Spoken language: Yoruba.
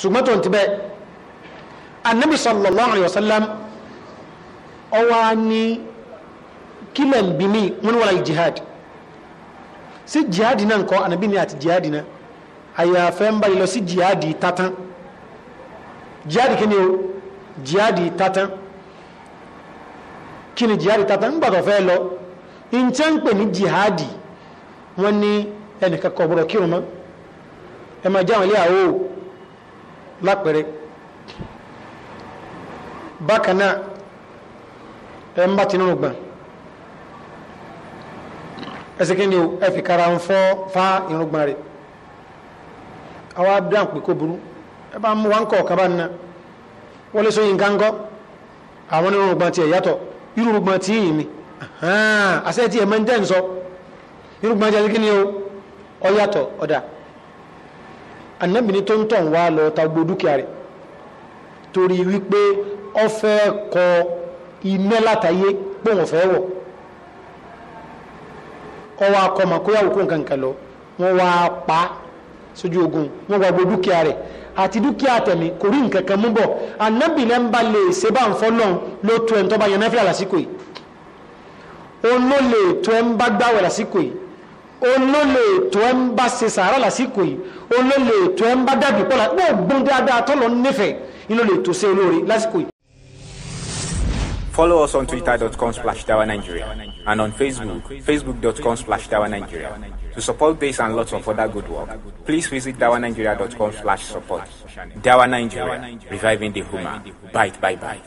ṣùgbọ́n tó ń ti bẹ́ẹ̀ anabi sallallahu alayhi wa sallam ọwọ́ ni kílẹ̀ ń bí mi wọn wà jihad sí jihad náà nǹkan anabi ni àti jihad náà àyàfẹ́ ń báyìí lọ sí jihad tatan jihad kí ni o jihad tatan kí ni jihad tatan ń gbàdọ̀ fẹ́ lọ ìǹtẹ́ ń pè ní jihad wọ́n ní ẹnìkan kọ̀ bọ̀rọ̀ kírun mọ́ ẹ máa jáwọn ilé àwọ̀ lápẹrẹ bákan náà ẹ ń bá tinú gbọ̀n ẹsẹ̀ kí ni o ẹ fi kara ń fọ́ fá irùngbọ̀n rẹ̀ àwa dáhùn pé kó burú ẹ bá mú wa ń kọ̀ ọ̀kan bá nínú wọ́n lè sóyin gángọ́ àwọn onírùngbọ̀n tiẹ̀ yàtọ̀ irùngbọ̀n tí yìí mi àṣẹ tiẹ̀ máa ń dẹ́n sọ irùngbọ̀n tiẹ̀ kí ni o ọ yàtọ̀ ọ̀dà. Ànábì ní tó ń tọ̀ wá lọ ta gbogbo dúkìá rẹ̀ torí wípé ó fẹ́ kọ iná látàyé gbóhùn fẹ́ wọ̀ ọwọ́ akọ́mọ kó yàwó kó nǹkan kan lọ wọ́n wá pa sójú ogun wọ́n gba gbogbo dúkìá rẹ̀ àti dúkìá tẹ̀mí kò rí nǹkan kan mú bọ̀ Ànábì náà ń ba lè ṣe bá ń fọ́ náà ló tó ẹ̀ ń tọ́ bá yan náfìlà lásìkò yìí òun ló lè tó ẹ̀ ń bá gbáwẹ̀ lásìkò yìí olólè tó ń bá ṣe sàárà lásìkò yìí olólè tó ń bá dàbí pọ́lá gbọ́n dáadáa tọ́lọ nífẹ̀ẹ́ ilólè tó ṣe olóore lásìkò yìí. Follow us on twitter.com slash Tower Nigeria and on Facebook, facebook.com slash Tower Nigeria. To support this and lots of other good work, please visit dawanigeria.com slash support. Dawa Nigeria, reviving the human. Bye, bye, bye.